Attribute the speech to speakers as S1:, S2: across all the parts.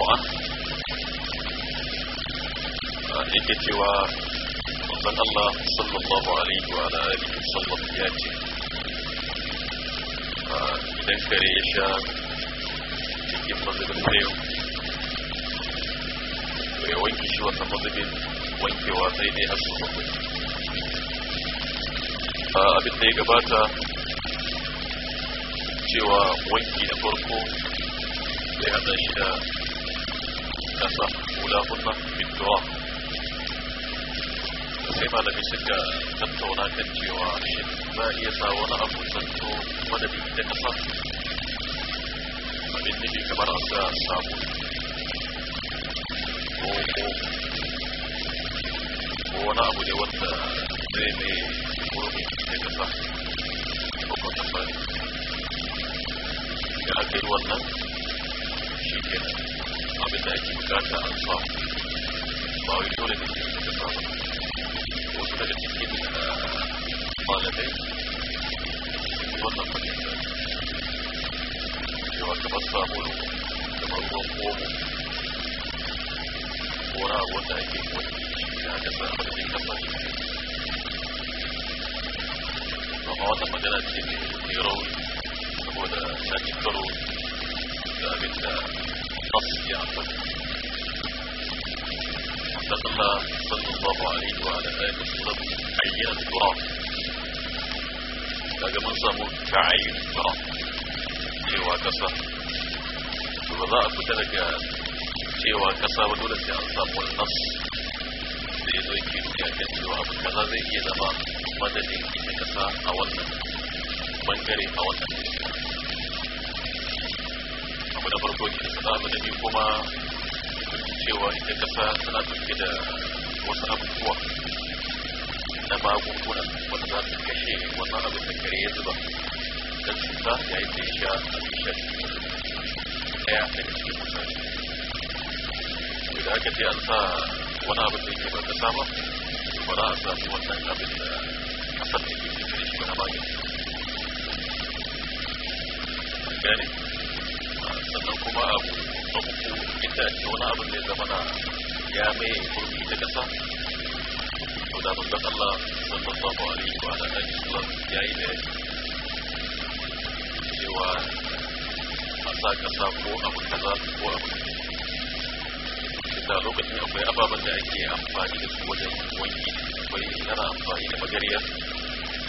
S1: القرآن yake cewa manzon Allah sallallahu alaihi wa alihi wasallam ya ce idan kare ya sha cikin mazubin sayo ya wanke shi wata mazubin wankewa sai dai har su bakwai abin da ya gabata cewa wanki na farko zai hada shi da الأثر ولا ظن في الدعاء كما لم يسكى تنتونا كنتي وعشد ما هي ساونا أفو تنتو مدد الدقصة فمنه كما رأسا سامو وقو
S2: وانا أبو جوانت ديني قربي الدقصة وقو تنفر يعدل وانا شيكي Affedersin zaten anlamam. Mavi şöyle bir şey yapalım. O sırada bir mahallede vatandaş Yavaşça basığa boyu. Tamam, o
S1: Ora, o da iki, o iki, yani sana bir şey yapalım. Ama o da magana bir şey
S2: yapalım. Saboda şakit karo. Ya bir de بشرف يعقوب انتقل صلى الله عليه
S1: وعلى آله وسلم عيان التراب هذا من صامو كعين التراب cewa kasa ba za a fita daga cewa kasa ba dole sai an samu wani nasu da ya zo yake nufi a kan cewa abu kaza zai iya zama madadin ita kasa a wannan bangare a wannan da farko ne sana'atu da biyu kuma cewa ita kasa tana ɗauke da wasu abubuwa na magunguna wanda za su kashe wani abin da kare ya zuba da cuta ya yi ta sha abin sha ɗaya daga cikin mutane da aka ce an sa wani abin da yake ba ta sama
S2: ba za a sami wannan abin da kasar da ke cikin shi wani magani gane sannan kuma abu na uku inda ake
S1: wani abin da ya zama na ya mai kurmi na ƙasa to da mun san Allah sallallahu alaihi wa alihi wasallam ya yi da cewa a sa ƙasa ko abu kaza ko abu da lokacin akwai ababen da ake amfani da su wajen wanki akwai tana amfani da magariya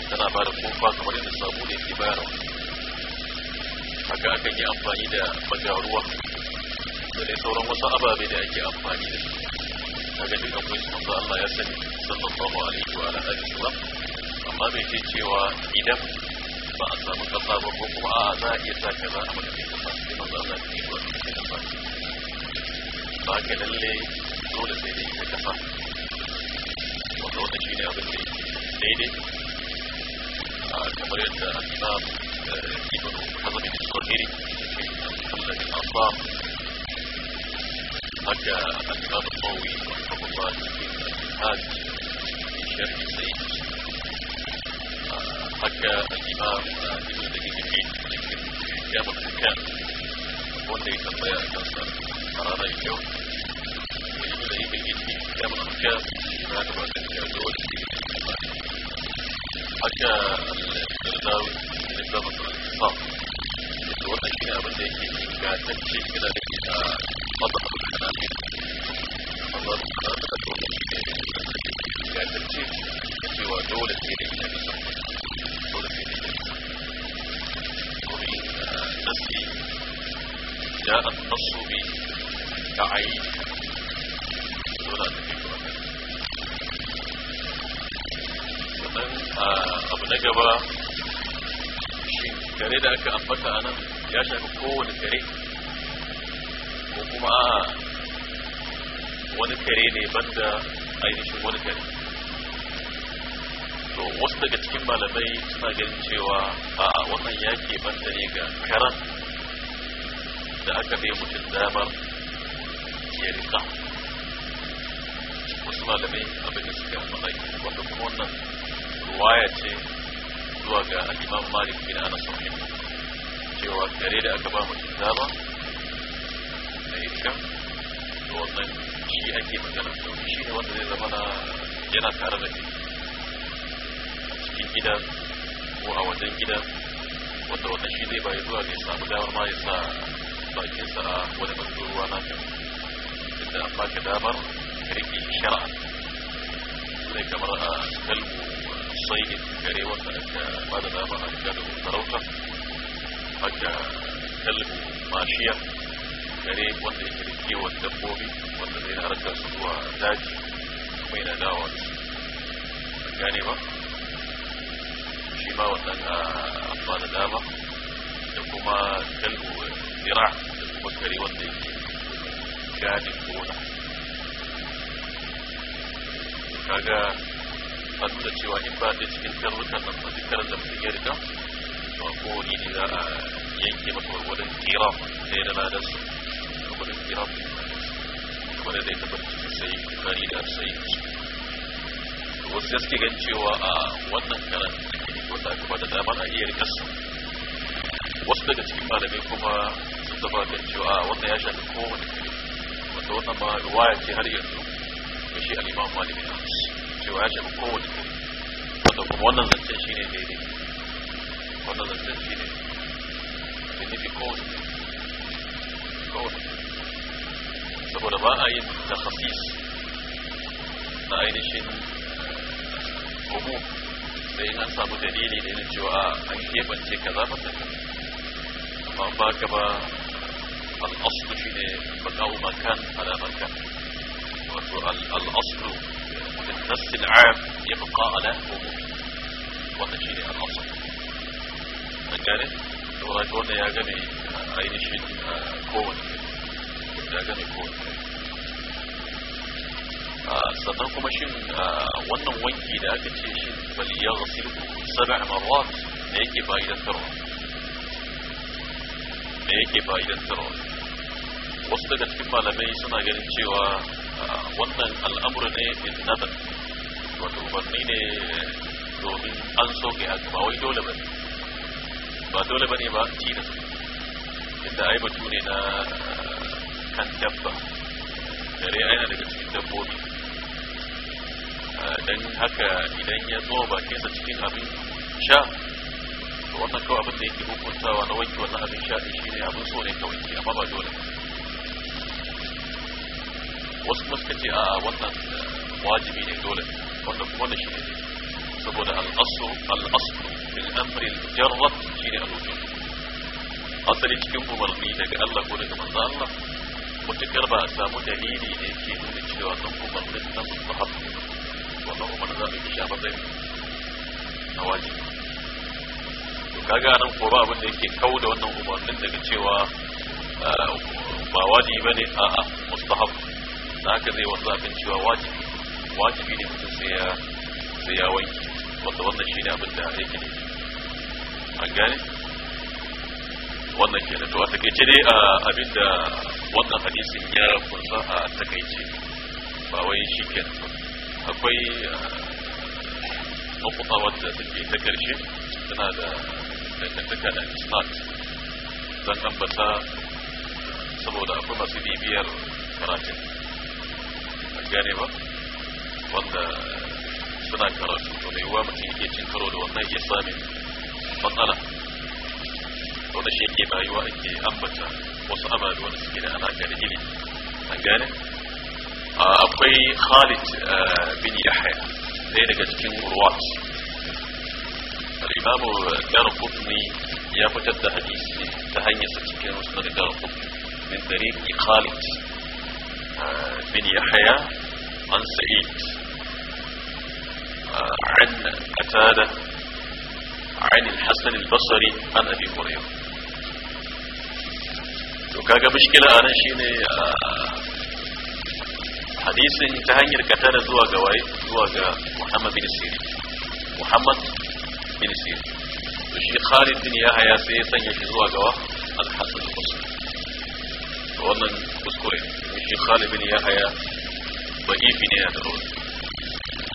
S1: tana ba da kofa kamar yadda sabu ne ke bayarwa haka aka yi amfani da bagaruwa da dai sauran wasu ababe da ake amfani da su daga duka kun shi manzo Allah ya sani sallallahu alaihi wa alihi wa amma bai ce cewa idan ba a samu kasa ba ko kuma a za a iya sa kaza a madadin kasa sai manzo Allah ya ce ba ba ka lalle dole sai dai ita kasa wannan shi ne abin da daidai kamar yadda imam
S2: محمد القاهري محمد الأطلاق حكى الإمام النووي رحمه الله الحاج في شرح سعيد حكى الإمام ابن دقيق الدين كتاب الحكام وندي تطيع كسر قرار اليوم ابن دقيق الدين كتاب الحكام هذا ما كان يقول حكى الزرداوي zama su al-islam da wannan shi ne abin da yake ingantacce kira da ke a mazhabu hanafi mazhabu hanafi da kuma shi ne ingantacce da cewa dole sai da ina nisa dole sai da ina nisa domin nasi ya an nasu bi ta ayi dole
S1: da ke kuma sannan abu na gaba tare da aka ambata a nan ya shafi kowane tare ko kuma wani tare ne banda ainihin wani tare to wasu daga cikin malamai suna ganin cewa a wannan yaki banda ne ga karan da aka bai mutum damar ya rika wasu malamai abin da suka faɗa wanda kuma wannan ruwaya ce zuwa ga al malik bin anas cewa kare da aka ba mu kitaba wannan shi ake magana to shi ne wanda zai zama na yana tare da cikin gida ko a wajen gida wanda wannan shi zai bayi zuwa ga samu damar ma bakin sa a wani ruwa na kan inda an baka damar ka shara zai kamar a kalbu صيد الجاري وكأك ما ندام أجاله تروته أكا كلب ماشية gare wanda yake da kiwon dabbobi wanda zai na harkar su zuwa daji kuma yana dawa gane ba shi ma wannan amma da dama da kuma kalbu zira da kuma kare wanda yake gadin gona kaga sifar cewa in ba da cikin karnukan nan matuƙar da mutum ya riga a kowane ne za a yanke masa kira da kira kuma da zai taɓa cikin sai da sai wasu suke gan cewa a wannan karan kuma da iya su wasu daga cikin malamai kuma sun gan cewa a wannan ya shafi kowane wanda wannan ma ruwaya ce har yanzu da shi al'imam cewa ya shafi kowane ko wanda kuma wannan zancen shi ne daidai wannan zancen shi ne da nufi kowane kowane saboda ba a yin tafasis na ainihin umu da yin an samu dalili ne na cewa an keɓance ka za mata amma ba ka ba al'aslu shi ne baka'u makan ala makan wato al'aslu في النص العام يبقى على ومبين وتشير الى النص مجاني ورجون يا جميع اين شيء كون يا جميع كون آه، صدقوا مشين آه، وانا وجي ده كتير شيء فليغسل سبع مرات هيك بايد الثروه هيك بايد الثروه وصدقت كما لم يصنع جنب wannan al'amur ne in nazar wato umarni ne domin an so kai haka ba wai dole ba ba dole ba ne ba tilas inda ai batu ne na kan dabba dare yana daga cikin dabbobi dan haka idan ya zo ba kesa cikin abin sha wannan kawai abin da yake hukuntawa na wanke wannan abin sha shi ne abin so ne kawai amma ba dole ba wasu kuma suka ce a wannan wajibi ne dole wannan kuma da shi ne saboda al'asu al'asu bil amri jarrat shi ne alwujud asali cikin umarni daga Allah ko daga manzo Allah mutukar ba a samu dalili ne ke nuna cewa kan umarnin na mustahab ne wannan umarnin za mu yi shi a matsayin na wajibi to kaga nan ko ba abin da yake kau da wannan umarnin daga cewa ba wajibi bane a'a mustahab da haka zai wasu akan cewa wajibi wajibi ne mutum sai ya sai ya wanki wanda wannan shi ne abin da yake ne A gane wannan ke da to a takaice dai abin da wannan hadisin ya kunsa a takaice ba wai shi ke akwai mafuta wadda take ta karshe tana da dangantaka da smart zan ambata saboda akwai masu bibiyar karatun جانبا وانت فنان كراسو وانت وامتي يجين فرول وانت هي صامي فانتنا وانت شيكي ما يوائك أمبتا وصا أمال وانت سكينة أنا كان إلي أنجاني أبقي خالد آه، بن يحيى لين جاتكين مروات الإمام دار قطني يا فتد الحديث تهيس سكينة وصنع دار قطني من طريق خالد آه، بن يحيى عن سعيد آه، عن قتادة عن الحسن البصري عن أبي هريرة وكاقة مشكلة أنا شيني آه، حديث تهنير قتادة زواج زواج محمد بن سيرين محمد بن سيرين وشي خالد بن يحيى سيسن يشي زواج الحسن البصري wannan kuskure خالد بن ya haya da'ifi ne da rauni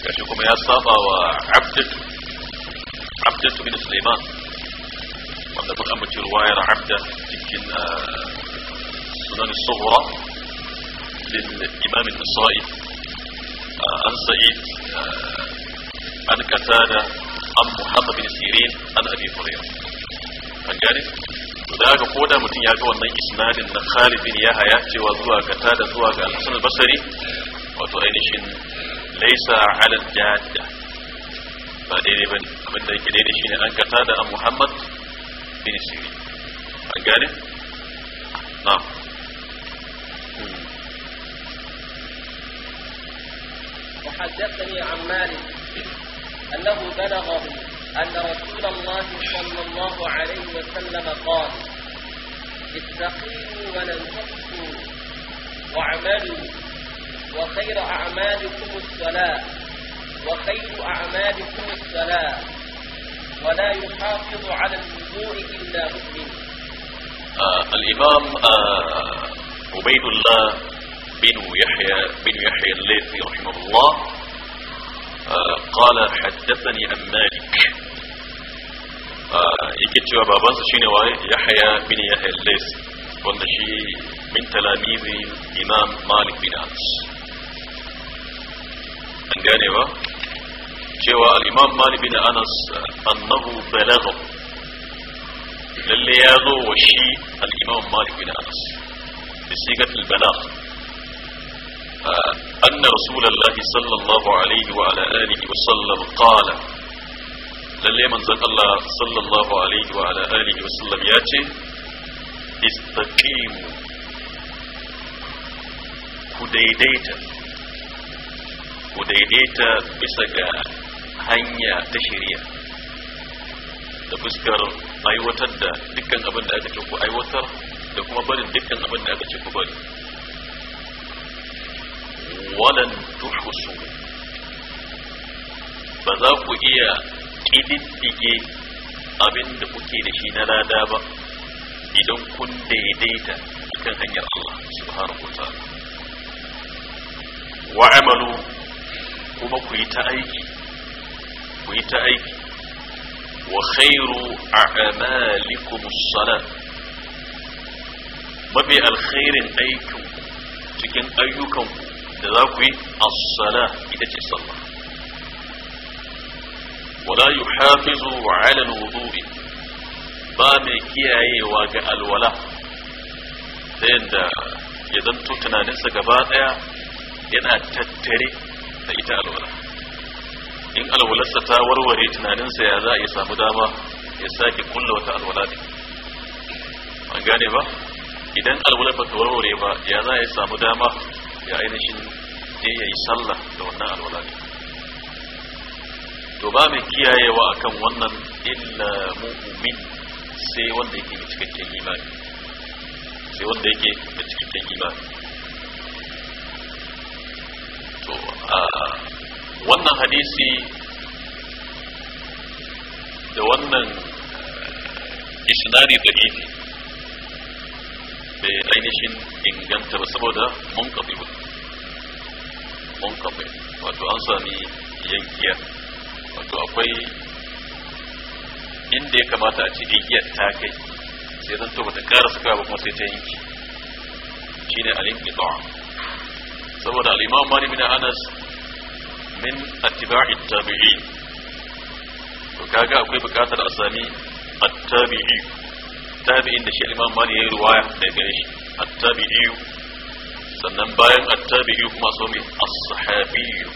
S1: gashi kuma ya saba wa abdatu abdatu bin suleiman wanda mun amince ruwayar abda cikin sunan sughra lil imam an-nasa'i an sa'id an katada an muhammad bin sirin an abi hurairah an gane da haka ko da mutum ya ga wannan isnadin na Khalid bin Yahya cewa zuwa ga tada zuwa ga Al-Hasan al-Basri wato ainihin laisa ala jadda ba daidai ba abin da yake daidai shine an kata da muhammad bin siri an gane na وحدثني عن مالك أنه بلغه أن رسول الله صلى الله عليه
S2: وسلم قال استقيموا ولن تحصوا واعملوا وخير أعمالكم الصلاة وخير أعمالكم الصلاة ولا يحافظ على الوضوء إلا مؤمن
S1: آه الإمام آه عبيد الله بن يحيى بن يحيى الليثي رحمه الله آه قال حدثني عن مالك يكتب cewa بنس شنو يحيى بن يحيى الليثي al شي من تلاميذ min مالك بن انس an ganewa cewa al'imam mali bin anas annahu balagha lalle ya zo wa بن أنس mali bin anas bi sigatul balagh أن رسول الله صلى الله عليه وعلى آله وسلم قال للي من ذات الله صلى الله عليه وعلى آله وسلم ياتي استقيموا كديديتا ku daidaita bisa ga hanya ta shirya da fuskar aiwatar da dukkan abin da aka ce ku aiwatar da kuma barin dukkan abin da aka ce ku bari walan tuhsu ba za ku iya ƙididdige abin da kuke da shi na lada ba idan kun daidaita kan hanyar Allah subhanahu wa ta'ala wa amalu kuma ku yi ta aiki ku yi ta aiki wa khairu a'malikum as-salat mabi al-khairin aikin cikin ayyukan ku da za ku yi as-sala ita ce sallah wala yuhafizu ala al-wudu'i ba mai kiyayewa ga alwala sai da ya zanto tunaninsa gaba daya yana tattare da ita alwala in alwalarsa ta warware tunaninsa ya za a yi samu dama ya sake kulla wata alwala ne an gane ba idan alwalar ba ta warware ba ya za a yi samu dama ya ainihin ne ya yi sallah da wannan alwala ne to ba mai kiyayewa akan wannan illa mu'min sai wanda yake da cikakken imani sai wanda yake da cikakken imani a ah, wannan hadisi da wannan eh, isnari da ifi bai ainihin inganta ba saboda mun kafi ba mun kafi wato an sami yankiya wato akwai inda ya kamata a ci igiyar ta kai sai zan to ta kara suka ba kuma sai ta yanki shine alin ƙiɗa saboda al'imam malik bin anas min attiba'i tabi'in to kaga akwai bukatar a sami attabi'i tabi'in da shi al'imam malik ya yi ruwaya daga gare shi attabi'i sannan bayan attabi'i kuma so mai as-sahabiyyu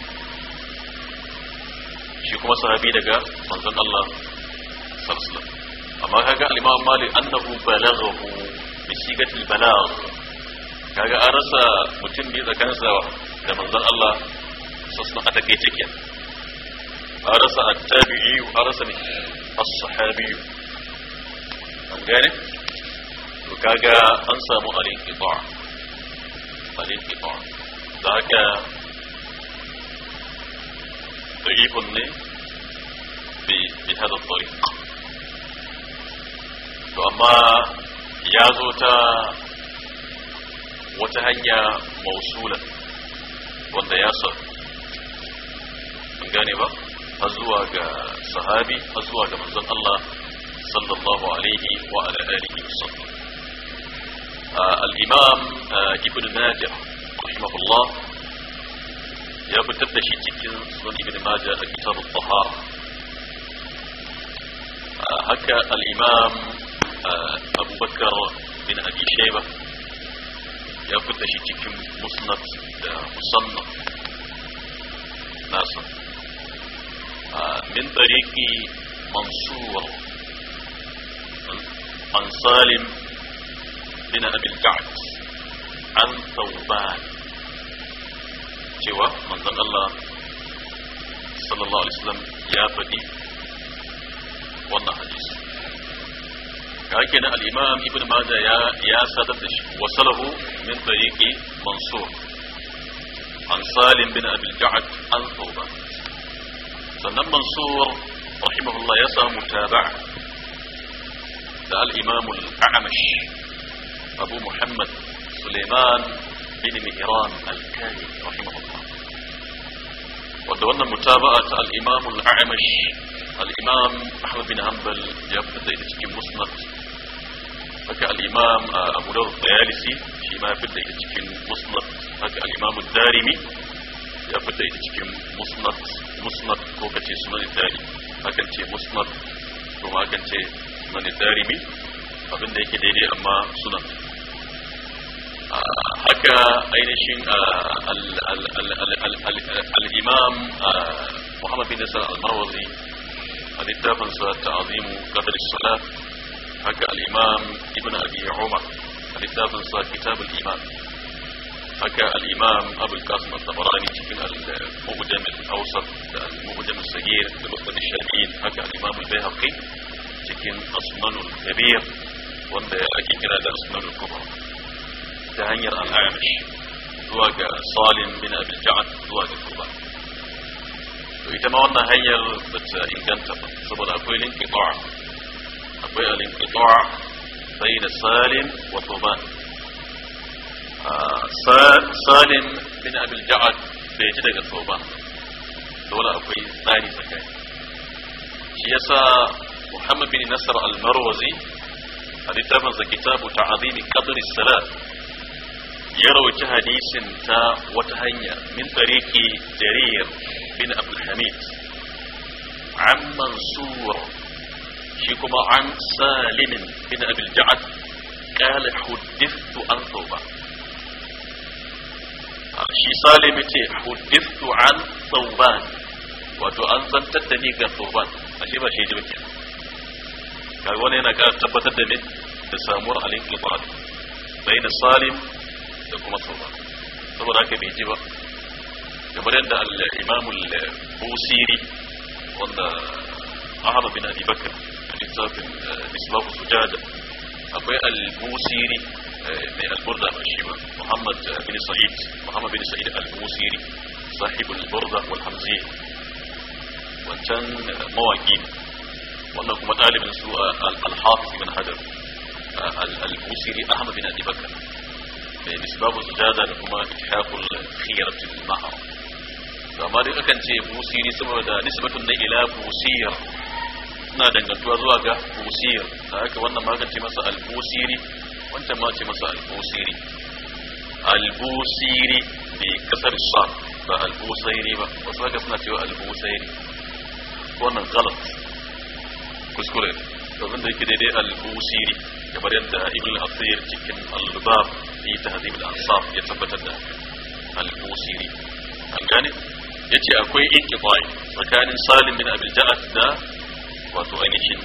S1: shi kuma sahabi daga manzon Allah sallallahu alaihi wasallam amma kaga al-imam malik annahu balaghahu bi sigatil balagh kaga an rasa mutum biyu tsakaninsa da manzon Allah sassan a take ciki an rasa attabi'i an rasa ne as-sahabi an gane to kaga an samu al-inqita al-inqita da haka da'ifun ne bi bi hada tariq to amma ya zo ta wata hanya mausula wanda ya sa an gane ba a zuwa ga sahabi a zuwa ga manzon Allah sallallahu alaihi wa alihi wasallam al-imam ibn majah rahimahullah ya fitar da shi cikin sunan ibn majah kitab al-tahar haka al-imam abubakar bin abi shaybah ya fita shi cikin musnad da musamman nasa min tariki mansur an salim bin abil ka'ab an tauban cewa manzon Allah sallallahu alaihi wasallam ya faɗi wannan hadisi كان الإمام ابن ماجه يا يا سادتش وصله من طريق منصور عن سالم بن أبي الجعد الفوضى سنن منصور رحمه الله يسا متابع قال الإمام الأعمش أبو محمد سليمان بن مهران الكاهي رحمه الله ودونا متابعة الإمام الأعمش الإمام أحمد بن هنبل يبدأ يتكي مصنف haka al-imam abu dawud dayalisi shi ma fitta ita cikin musnad haka al-imam darimi ya fitta ita cikin musnad musnad ko kace sunan darimi hakan ce musnad ko hakan ce sunan darimi abin da yake daidai amma sunan haka ainihin al-imam Muhammad bin Nasar al-Marwazi a littafinsa ta azimu qadr as-salat haka al-imam ibn abi umar littafin sa kitabul iman haka al-imam abul qasim at-tabarani cikin al-muqaddam al-awsat da al-muqaddam al-saghir da musnad al-shafi'i haka al-imam al-bayhaqi cikin asnan al-kabir wanda ake kira da asnan al-kubra ta hanyar al-amish zuwa ga salim bin abi ja'ad zuwa ga kuba to ita ma wannan hanyar bata inganta ba saboda akwai linki ta'a أقوياء الانقطاع بين سالم وثوبان آه، سالم من أبي الجعد في جدك الثوبان دولة أقوياء ثاني سكاية آه، شيسا محمد بن نصر المروزي هذه ترمز كتاب تعظيم قدر الصلاة يروي تهديس تا وتهيا من طريق جرير بن أبو الحميد عن منصور شي عن سالم بن ابي الجعد قال حدثت عن ثوبه شي سالم تي حدثت عن ثوبان وتو ان زنت تني غ ثوبان اشي ما شي دمك قال وانا انا قاعد دني تسامر عليك لبعض بين سالم وكما ثوبان ثوبان راكي بيجي با kamar yadda al-imamul busiri wanda ahmad bin abi bakr littafin isbabu sujada akwai al-busiri mai al-burda ba shi ba muhammad bin sa'id muhammad bin sa'id al-busiri sahibul burda wal hamziya wancan mawaki wannan kuma dalibin su al-hafiz ibn hajar al-busiri ahmad bin abi bakr da isbabu sujada da kuma ihaqul khiyaratul mahar amma dai akan ce busiri saboda nisbatun na ila busiyar suna dangantuwa zuwa ga busir da haka wannan ma ce masa al-busiri wanda ma ce masa al-busiri al-busiri bi kasar sa ba al-busairi ba wasu haka suna cewa al-busairi wannan galat kuskure to wanda yake daidai al-busiri kamar yadda ibn al-asir cikin al-rubab fi tahdhib al-ansab ya tabbata da al-busiri an gane yace akwai inqifai tsakanin salim bin abul ja'ad da wato ainihin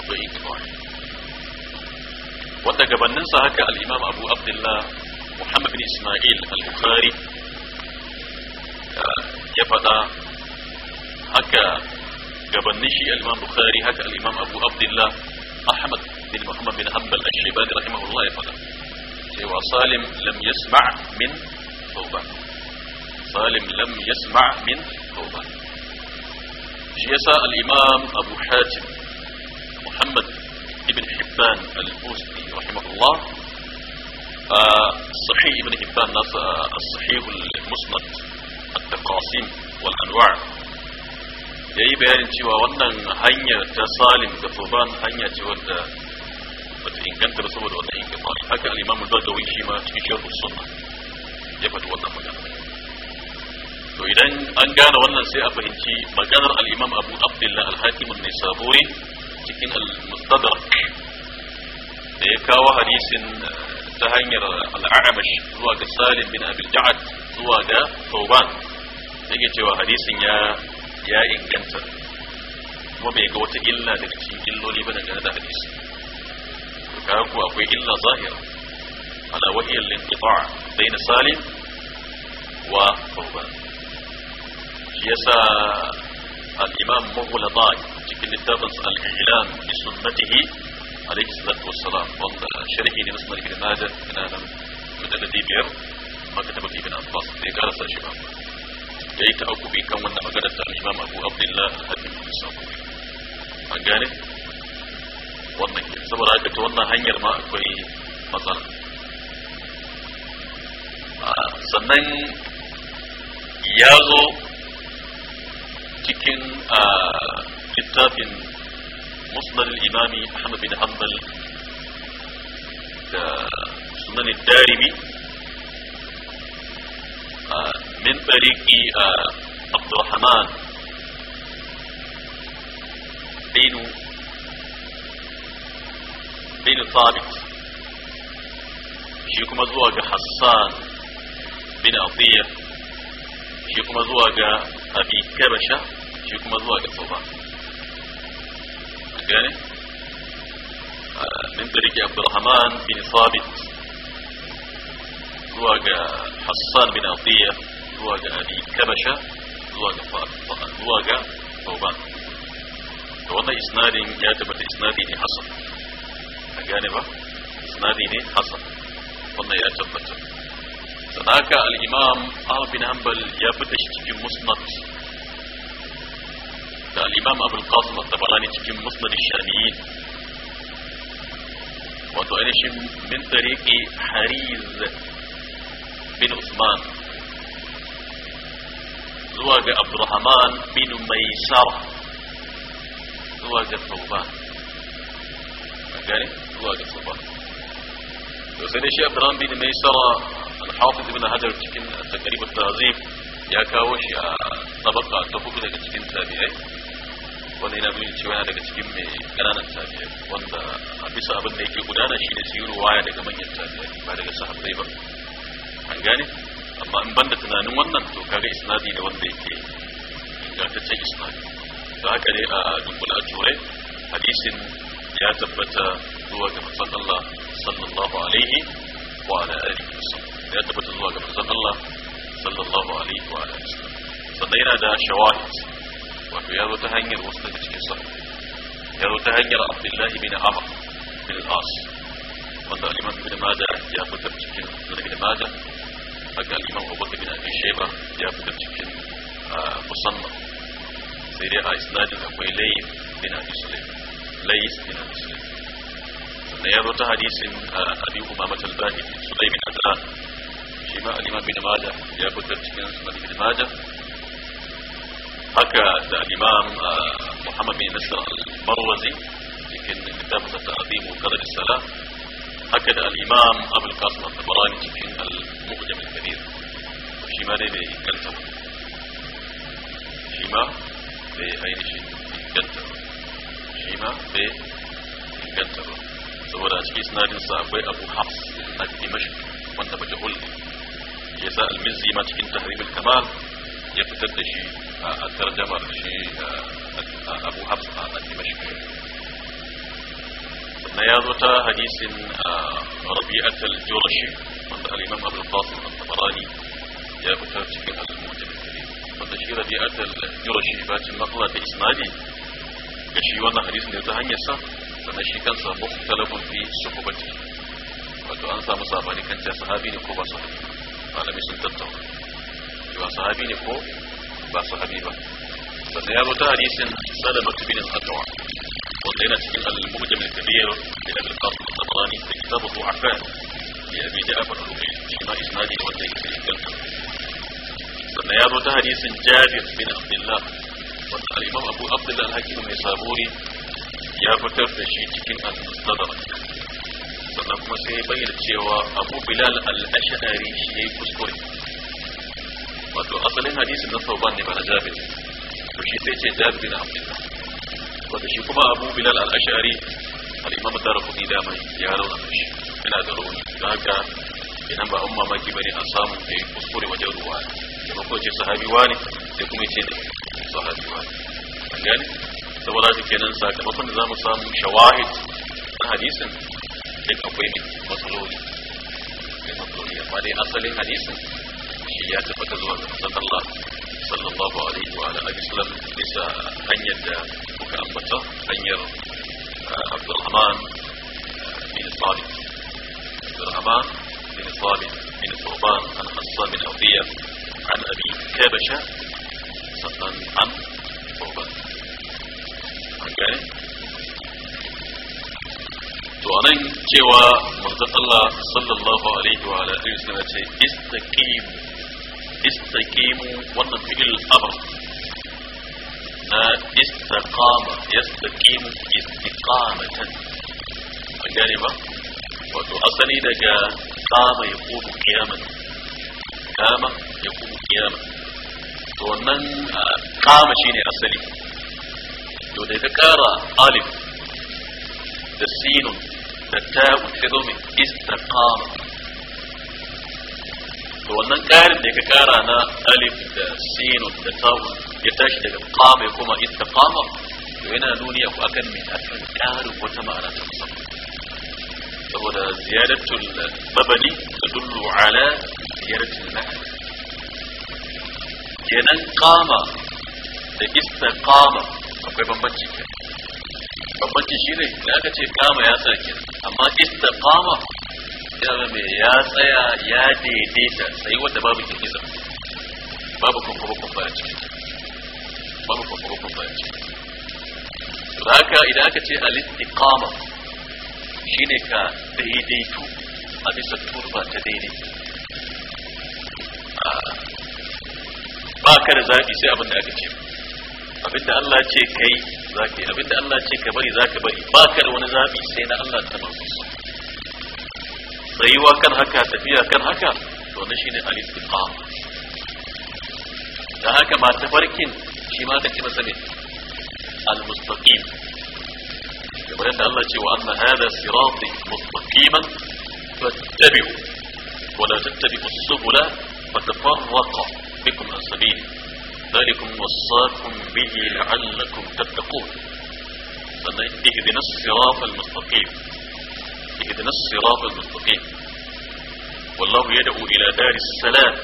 S1: akwai ikibar wanda gabaninsa haka al'imam abu abdullah muhammad bin ismail al-bukhari ya fada haka gabanin shi al'imam bukhari haka al'imam abu abdullah ahmad bin muhammad bin hanbal al-shaibani rahimahullah ya fada cewa salim lam yasma' min tauba salim lam yasma' min جيسا الإمام أبو حاتم محمد ابن حبان البوسني رحمه الله آه، صحيح ابن حبان ناس آه، الصحيح المسند التقاسيم والأنواع يأي بيان تيوا ونن هنيا تسالم كفوبان هنيا تيوا وده إن كانت رسول ونن إن كمال حكا الإمام البدوي شيما تيشير السنة يبدو ونن مجانا to idan an gane wannan sai a fahimci maganar al-imam abu abdullah al-hakim an-nisaburi cikin al-mustadrak da ya kawo hadisin ta hanyar al-a'mash zuwa ga salim bin abi ja'ad zuwa ga tauban yake cewa hadisin ya ya inganta kuma bai ga wata illa daga cikin illoli ba daga da hadisi ka ku akwai illa zahira ala wahiyal inqita' bayna salim wa tauban shi yasa al-imam mughlata cikin littafin al-ilam bi sunnatihi alayhi salatu wassalam wanda sharhi ne musulman ibn majah ina nan mujalladi biyar makatabar ibn abbas bai karasa shi ba da yi ta'akubi kan wannan maganar da al-imam abu abdullah al-hakim bin sa'ud an gane wannan ke saboda haka ta wannan hanyar ma akwai matsala sannan ya zo cikin littafin musnad imami Ahmad bin Hanbal da sunan darimi min ɗariƙi Abdulrahman بين بين ثابت shi kuma zuwa ga Hassan bin Atiyya shi kuma zuwa ga أبي كبشة shi kuma zuwa ga tsofa gane min tariki abdurrahman bin sabit zuwa ga hassan bin atiyya zuwa ga abi kabasha zuwa ga fa'an zuwa ga tsofa da wannan isnadin ya tabbata isnadi ne hasan a gane ba isnadi ne hasan wannan ya tabbata sadaka al-imam ahmad bin hanbal ya fita shi cikin musnad da al'imam abul qasim tabalani cikin musnad shari'in wato ainihin min tariqi hariz bin usman zuwa ga abdurrahman bin maisar zuwa ga tauban gane zuwa ga tauban to sai shi abdurrahman bin maisara الحافظ ابن هجر cikin تقريب التهذيب ya kawo shi a tabaka ta hudu daga cikin tabi'ai wanda yana nuni cewa daga cikin mai ƙananan tabi'ai wanda a bisa abin da yake gudana ne su yi ruwaya daga manyan tabi'ai ba daga sahabbai ba an gane amma in banda tunanin wannan to kaga isnadi da wanda yake ingantaccen isnadi da haka ne a dunkula a turai hadisin ya tabbata zuwa ga manzon Allah sallallahu alaihi wa ala alihi wasallam ya tabbata zuwa ga manzon Allah sallallahu alaihi wa ala alihi wasallam sannan yana da shawahid wato ya zo ta hanyar wasu daga cikin sahabbai ya zo ta hanyar abdullahi bin amr bin al-as wanda al-imam ibn majah ya fitar cikin sunan ibn majah haka al-imam abubakar bin abi shayba ya fitar cikin musannaf sai dai a isnadin akwai layth bin abi sulaym layth bin abi sulaym sannan ya zo ta hadisin abi umamah al-bahili sulaym bin adlan shi ma al-imam ibn majah ya fitar cikin sunan ibn majah حكى الإمام آه، محمد بن نصر المروزي لكن كتابة تقديم وكرر السلام حكى الإمام أبو القاسم الطبراني في المقدم الكبير في ما ليه كنتم في ما في أي شيء كنتم في ما في كنتم سوى رأسي سنادن صاحبه أبو حفص نجد وانت بجهول يسأل مزي ما تكن تحريم الكمال يقتل شيء آه، الترجمر شيء آه، آه، أبو حفص الدمشق نياضة حديث ربيعة الجرشي من الإمام أبو القاسم الطبراني يا كتاب شكل هذا المعجب الكريم فتشي ربيعة الجرشي بات المقلة إسنادي كشي وانا حديث نيوتا هنيسا فنشي كان مختلف في صحبته فتو أنسى مصابة لكن جاء صحابين وقوبة صحابين فعلا بيسن تبتعون ba sahabi ne ko ba sahabi ba sannan ya rota hadisin salama bin al-qatwa wanda yana cikin al-mujam al-kabir da abul qasim al-tabrani da kitabu du'afan ya abi ja'far al-rumi shi ma isnadi wanda yake cikin sannan ya rota hadisin jabir bin abdullah wanda al-imam abu abdullah al-hakim mai saburi ya fitar da shi cikin al-mustadrak sannan kuma sai bayyana cewa abu bilal al-ash'ari shi yayi kuskure wato asalin hadisin na sauban ne mana jabir to shi sai ce jabir bin abdullah wato shi kuma abu bilal al-ashari al-imam darqudi da mai ya rauna shi yana da rauni don haka idan ba an mamaki bane an samu kai kuskure wajen ruwa da ba ko ce sahabi wani sai kuma ce sahabi wani an gane saboda shi kenan sakamakon da zamu samu shawahid na hadisin duk akwai matsaloli da matsaloli amma dai asalin hadisin سيئات maka zuwa Allah sallallahu alaihi wa ala alihi wasallam bisa hanyar da muka ambata hanyar Abdurrahman bin Sabit Abdurrahman bin Sabit bin Thurban an Hassa bin Awdiya an Abi Kabasha sannan an Thurban an gane to anan cewa manzon Allah sallallahu alaihi wa ala alihi wasallam ce istaqimu استقيموا والنفيل الأمر استقام يستقيم استقامة مجاربة وتؤصني لك قام يقوم قياما قام يقوم قياما تونن قام شيني أصلي يو تذكر ألف تسين التاء الحضم استقام to wannan ƙarin da ka kara na alif da sin da ta ya tashi daga qama ya kuma istiqama to yana nuni ku akan me akan ƙarin wata ma'ana ta musamman saboda ziyaratul mabani tadullu ala ziyaratul ma'ana kenan qama da istiqama akwai bambanci bambanci shine da aka ce qama ya sake amma istiqama ya ya tsaya ya daidaita sai wanda babu kirkiza babu babu kunkuru haka ce shine ka ta daidai ba ka da sai aka ce Allah ce ka bari zaka bari ba da wani zaɓi sai na Allah ta masu tsayuwa kan haka tafiya kan haka to na shine al-istiqam da haka ma tafarkin shi ma ka ci masa ne al-mustaqim kamar yadda Allah ce wa anna hadha sirati mustaqiman fattabi'u wa la tattabi'u subula fatafarraqa bikum an sabili ذلكم وصاكم به لعلكم تتقون فإذن الصراط المستقيم اهدنا الصراط المستقيم والله يدعو إلى دار السلام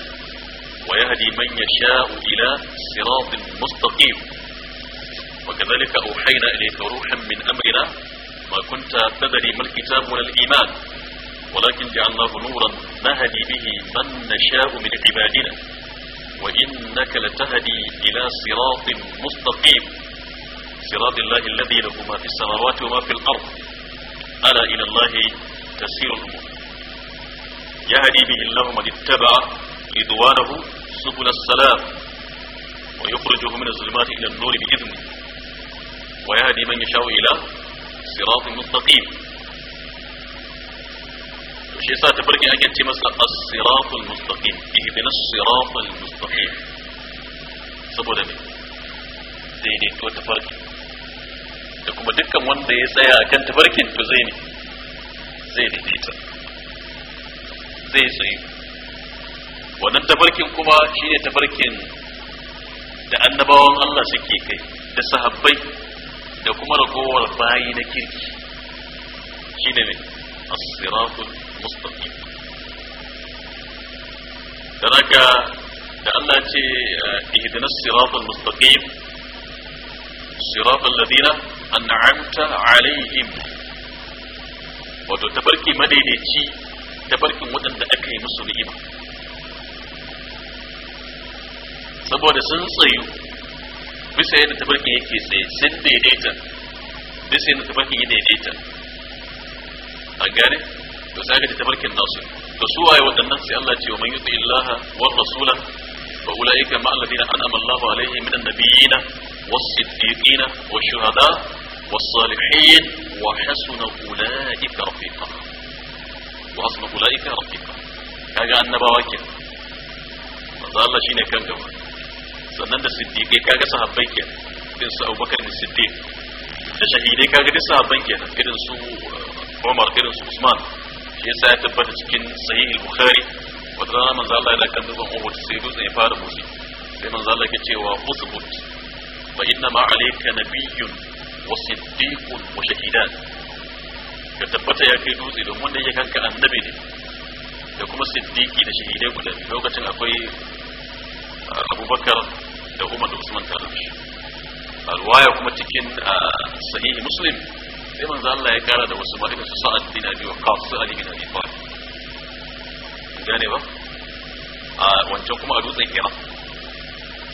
S1: ويهدي من يشاء إلى صراط مستقيم وكذلك أوحينا إليك روحا من أمرنا ما كنت تدري ما الكتاب ولا الإيمان ولكن جعلناه نورا نهدي به من نشاء من عبادنا وإنك لتهدي إلى صراط مستقيم صراط الله الذي له ما في السماوات وما في الأرض ألا إلى الله تسير الأمور يهدي به الله من اتبع رضوانه سبل السلام ويخرجه من الظلمات إلى النور بإذنه ويهدي من يشاء إلى صراط مستقيم شيء ساعة تفرق أن يأتي مثلا الصراط المستقيم اهدنا الصراط المستقيم سبب دي دي تو تفرق da kuma dukkan wanda ya tsaya a kan tafarkin to zai ne zai ne daidaita zai tsaye wannan tafarkin kuma shi ne tafarkin da annabawan Allah suke kai da sahabbai da kuma ragowar bayi na kirki shi ne ne siratul mustaqim da haka da Allah ce ihdinas siratul mustaqim siratul ladina an'amta alaihim wato tabarki madaidaici tabarkin waɗanda aka yi musu ni'ima saboda sun tsayu bisa yadda tabarkin yake tsaye sun daidaita bisa yadda tabarki ya daidaita an gane to sai ga tabarkin nasu to su waye waɗannan sai Allah ce wa man yuti illaha wa rasula fa ulaika ma alladhina an'ama Allahu alaihim minan nabiyina was-siddiqina wa shuhada والصالحين وحسن أولئك رفيقا وحسن أولئك رفيقا كاجا أن بواكن فظهر الله شيني كان جوا سنن دا صديقي كاجا صحابي كان إنسا أبو بكر من الصديق شهيدي كاجا دي صحابي كان إنسو عمر إنسو عثمان شيء سيتبت كن صحيح البخاري وتران من ظل الله كان دوا هو تسيبو زي فارموسي من ظل الله كتير وأصبت فإنما عليك نبي wa siddiqun ka tabbata ya kai dutse domin wanda ya kanka annabi ne da kuma siddiqi da shahidai guda biyu lokacin akwai abubakar da umar da usman tare da shi alwaya kuma cikin sahihi muslim sai manzo Allah ya kara da wasu ma'aikatan su sa'ad bin abi waqas su ali bin abi talib gane ba a wancan kuma a dutsen kira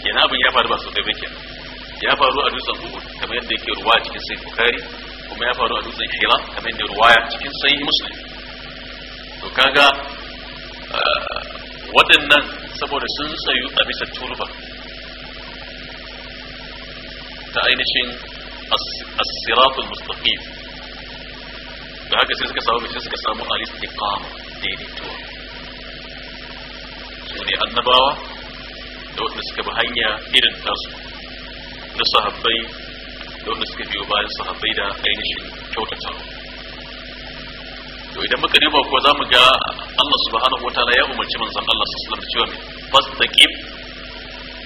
S1: kenan abin ya faru ba su kai ba kenan ya faru a dutsen uhud kamar yadda yake ruwa cikin Sahih Bukhari kuma ya faru a dutsen hira kamar yadda ruwaya cikin Sahih muslim to kaga waɗannan saboda sun tsayu a bisa turba ta ainihin as-siratul mustaqim da haka sai suka samu sai suka samu al-istiqama daidaituwa su ne annabawa da waɗanda suka bi hanya irin tasu na sahabbai don wanda suka biyo bayan sahabbai da ainihin kyautata to idan muka duba ko za mu ga Allah subhanahu wataala ya umarci manzon Allah sallallahu alaihi wasallam cewa fastaqim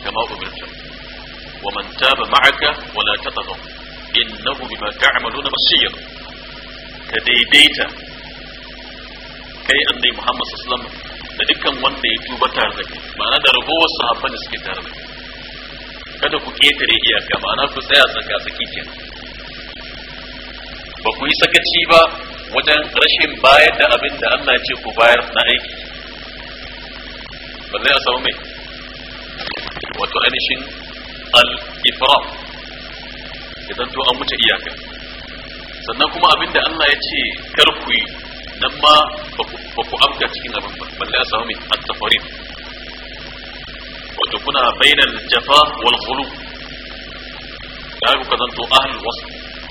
S1: kama umirta wa man taba ma'aka wa la tataghaw innahu bima ta'maluna basir ka daidaita kai annabi Muhammad sallallahu alaihi wasallam da dukkan wanda ya tuba tare da kai ma'ana da rubuwar sahabban da suke tare da kai kada ku ketare iyaka ma'ana ku tsaya tsaka tsaki ke ba ku yi sakaci ba wajen rashin bayar da abin da Allah ce ku bayar na aiki Ba balle a samu mai wato ainihin al-ifra idan to an wuce iyaka sannan kuma abin da Allah ya ce kar ku yi nan ma ba ku amka cikin abin ba balle a samu mai at-tafarid وتكون بين الجفاء والغلو كذلك أنتم أهل الوسط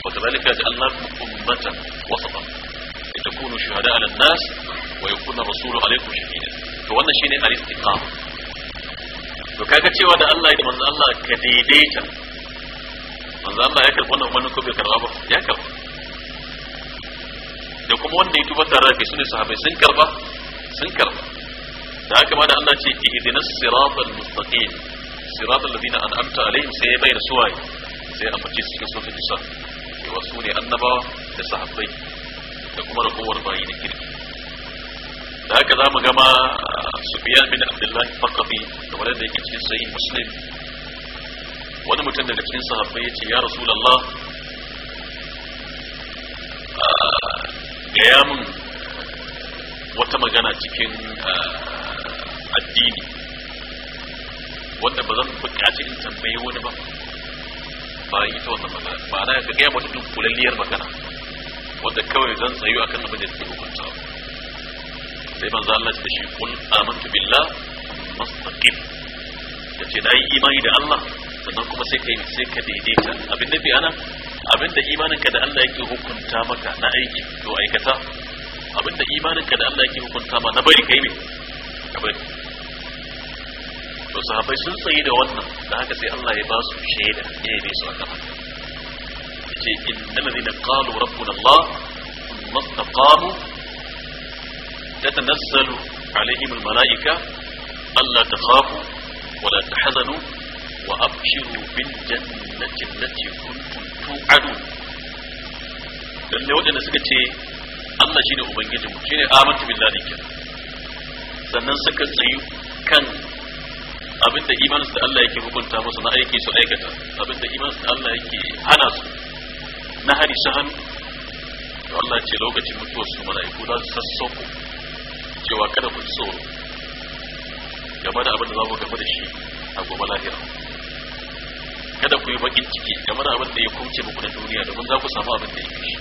S1: وكذلك جعلناكم أمة وسطا لتكونوا شهداء للناس ويكون الرسول عليكم شهيدا فوانا شيني الاستقامة وكاكا تشيوا دا الله إذا من الله كديديتا من الله يكرب وانا أمانكم يكرب يكرب da kuma wanda ya tuba سنة da su ne da haka ma da Allah ce ihdinas siratal mustaqim siratal ladina an'amta alaihim sai bai da suwaye sai a fice cikin suratul nisa cewa su ne annabawa da sahabbai da kuma ragowar bayi da kirki da haka za mu gama ah, Sufyan bin Abdullah Faqabi da wanda yake cikin sahih Muslim wani mutum daga cikin sahabbai yace ya Rasulullah ga ya ah, mun wata magana cikin ah, addini wanda ba zan buƙaci in tambaye wani ba bayan ita wannan magana ba na ka gaya wata dunkulalliyar magana wanda kawai zan tsayu akan abin da ke hukunta sai manzo Allah ya shi kun amantu billah mustaqim yace na yi imani da Allah sannan kuma sai kai sai ka daidaita abin da bi ana abin da imaninka da Allah yake hukunta maka na aiki to aikata abin da imaninka da Allah yake hukunta ma na bari kai ne ka bari to sahabbai sun tsaye da wannan da haka sai Allah ya ba su shaida ya yi su akan yace inna ladina qalu rabbuna Allah mustaqamu istaqamu tatanazzalu alaihim almalaika alla takhafu wa la tahzanu wa abshiru bil jannati allati kuntum tu'adun dan ne wadanda suka ce Allah shine ubangijinmu shine amantu billahi kenan sannan suka tsayu kan abinda iman su da Allah yake hukunta musu na aiki su aikata abinda iman su da Allah yake hana su na hari su hannu to Allah ce lokacin mutuwar su mala'iku za su sassauko cewa kada ku ji tsoro game da abinda za ku gaba da shi a gobe lahira kada ku yi bakin ciki game da abinda ya kuce muku na duniya domin za ku samu abinda ya fi shi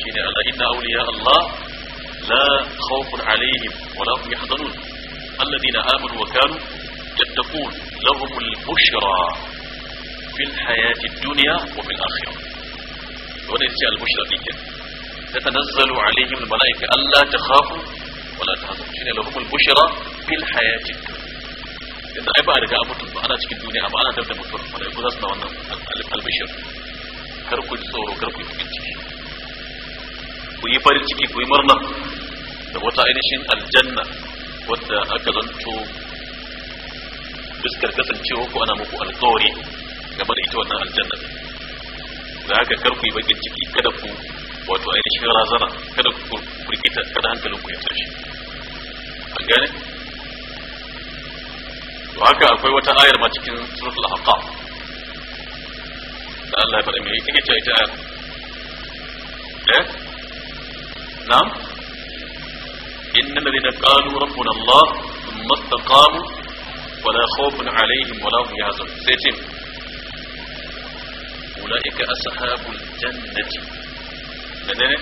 S1: shine Allah inna awliya Allah la khawfun alaihim wa la hum yahzanun alladheena amanu wa kanu تكون لهم البشرى في الحياة الدنيا وفي الآخرة ونسى البشرى بك تتنزل عليهم الملائكة ألا تخافوا ولا تحزنوا شنو يعني لهم البشرى في الحياة الدنيا إذا عبارة كأبو تنبو أنا تكي الدنيا أبو أنا تبدأ مطر أنا يقول أصلا وأنا البشر كركو يتصور وكركو يتكي ويي فارتكي ويمرنا وطائرشين الجنة وطائرشين الجنة fuskar kasancewa ko ana muku alkawari game da ita wannan aljanna da haka kar ku yi bakin ciki kada ku wato ainihin razana kada ku firgita kada hankalin ku ya tashi an gane to haka akwai wata ayar ma cikin suratul ahqaf da Allah ya faɗa mai take ce ita ayar eh na'am إن الذين قالوا ربنا الله ثم استقاموا ولا خوف عليهم ولا هم يحزنون أولئك أصحاب الجنة لأنه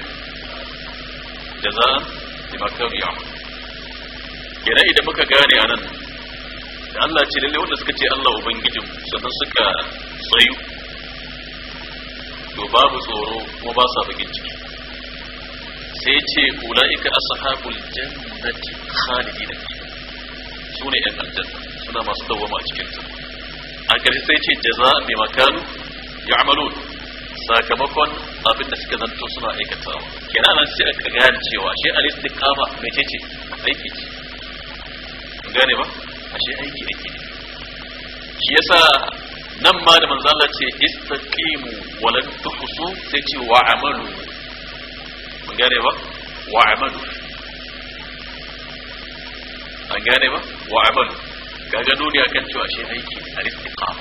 S1: جزاء لما كانوا يعمل كنا إذا مكا قاني أنا لأن الله تلالي وأن سكتي الله وبن جدهم سنن سكا صيو يباب صورو مباسا بجنجك سيتي أولئك أصحاب الجنة خالدين فيها su ne yan aljanna suna masu dawama a cikin ta a ƙarshe sai ce jaza bi makan amalu sakamakon abin da suka zanto suna aikatawa kenan nan sai aka gane cewa shi al-istiqama mai ce aiki ce gane ba a shi aiki ake ne shi yasa nan ma da manzo Allah ce istaqimu walan tuhsu sai ce wa amalu gane ba wa amalu an gane ba wa amalu Ga nuni akan cewa shi aiki al-istiqam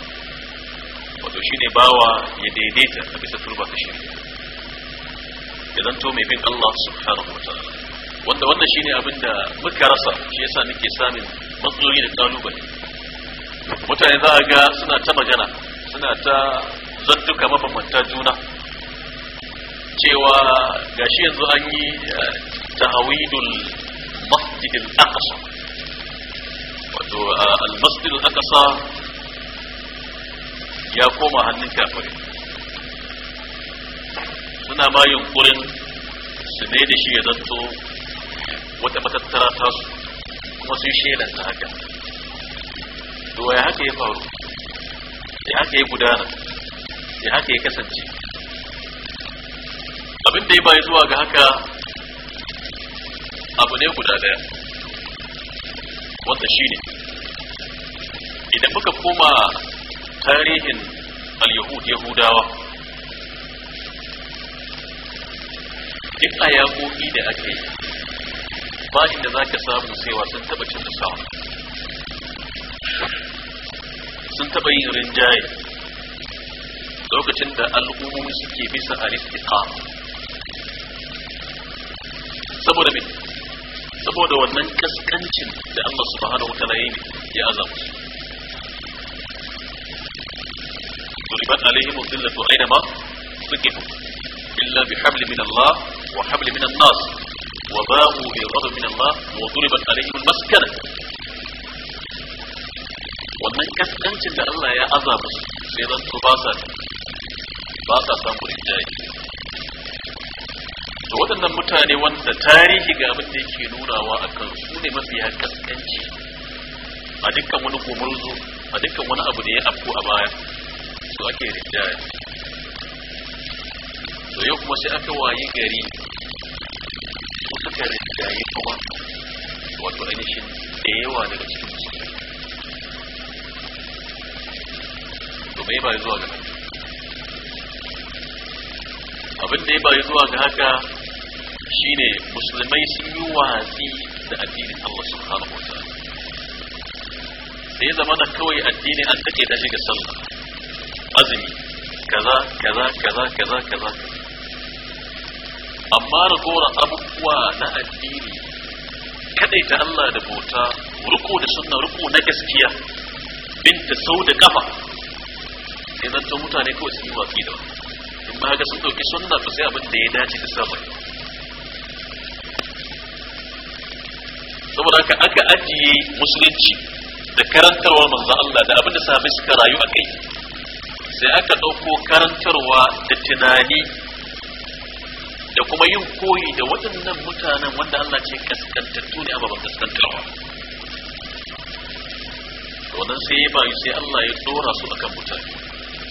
S1: wato shine bawa ya daidaita a bisa turba ta shirya ya zanto mai bin Allah subhanahu wa ta'ala wanda wannan shine abin da muka rasa shi yasa nake samun matsaloli da kalubale mutane za a ga suna ta magana suna ta zantuka mabambanta juna cewa gashi yanzu an yi eh, tahawidul masjidil aqsa wato al-masjid al-aqsa ya koma hannun kafirai suna ma yunkurin su ne da shi ya zanto wata matattara ta su kuma sun shelan ta haka to ya haka ya faru ya haka ya gudana ya haka ya kasance abin da ya bayi zuwa ga haka abu ne guda daya wanda ne. idan muka koma tarihin al-yahud yahudawa duk a yaƙoƙi da aka yi ba inda za ka samu cewa sun taɓa cin musawa sun taɓa yin rinjaye lokacin da al'ummomi suke bisa a saboda mai saboda wannan kaskancin da Allah subhanahu wataala yayi ya azaba ضربت عليهم الذلة أينما ثقفوا إلا بحبل من الله وحبل من الناس وباءوا بغضب من الله وضربت عليهم المسكنة wannan kaskancin da Allah ya azaba sai zan ba sa ba sa samun rinjaye to waɗannan mutane wanda tarihi ga abin da yake nunawa a kan su ne mafi kaskanci a dukkan wani gomurzo a dukkan wani abu da ya afko a baya su ake rinjaya to yau kuma sai aka wayi gari su suka rinjaye kuma wato ainihin da yawa daga cikin su to mai ba zuwa ga haka abin da ya bayi zuwa ga haka Shi ne musulmai sun yi watsi da addinin Allah subhanahu wa ta'ala sai zama na kawai addini an take da shiga sallah azumi kaza kaza kaza kaza kaza amma ragowar abubuwa na addini kadai ta Allah da bauta ruku da sunna ruku na gaskiya binta sau da kafa sai zanto mutane kawai sun yi watsi da in ba ga sun ɗauki sunna to sai abin da ya dace da sabon saboda haka aka ajiye musulunci da karantarwar manzon Allah da abin da sahabbai suka rayu a kai sai aka ɗauko karantarwa da tunani da kuma yin koyi da waɗannan mutanen wanda Allah ce kaskantattu ne ababen kaskantarwa wannan sai ya bayu sai Allah ya dora su akan mutane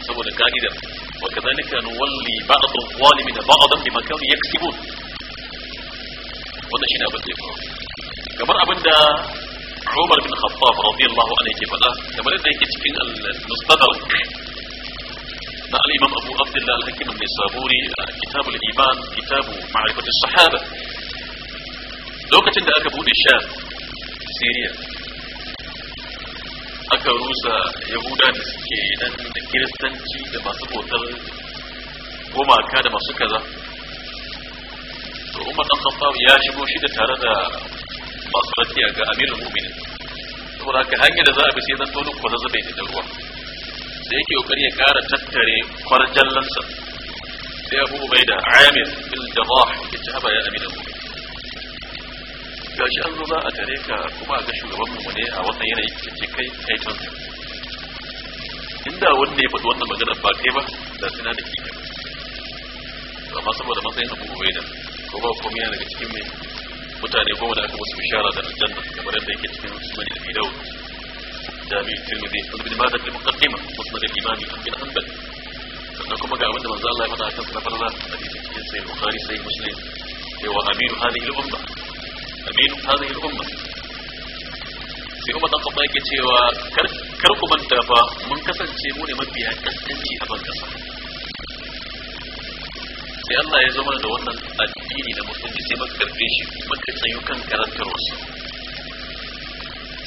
S1: saboda ka'idar wa kadhalika nuwalli ba'd adh-dhalimin ba'dan bima kanu yaksibun wannan shine abin da ya faru kamar abinda Umar bin Khattab radiyallahu anhu yake faɗa kamar yadda yake cikin al-Mustadrak na al-Imam Abu Abdullah al-Hakim an-Nisaburi kitab al-Iman kitab ma'rifat as-sahaba lokacin da aka bude Sham Syria aka rusa Yahuda da suke nan da Kiristanci da masu bautar gumaka da masu kaza to Umar bin Khattab ya shigo shi da tare da masu rakiya ga amirul mu'minin saboda ka hanyar da za a bi sai zan tonu ko zazzabe da ruwa Da yake kokari ya kara tattare jallansa. sai abu da amir da jarrah ya ci haba ya amirul ga shi an zo za a tare ka kuma a ga shugaban mu ne a wannan yanayi ce kai kai tun inda wanda ya faɗi wannan magana ba kai ba da suna da kika amma saboda matsayin abu da ko ba komai daga cikin mai mutane goma da aka musu bishara da aljanna kamar yadda yake cikin sunan abi daud jami tirmidhi ibn ibn majah da muqaddima musnad al-imam ibn hanbal sannan kuma ga abin da manzo Allah ya faɗa akan safarra hadisin cikin sahih bukhari sahih muslim cewa aminu hadhihi al-umma aminu hadhihi al-umma sai kuma dan kafa yake cewa kar ku manta fa mun kasance mu ne mabiya a ban kasa sai Allah ya zama da wannan addini na musulunci sai maka karfe shi maka tsayo kan karantar wasu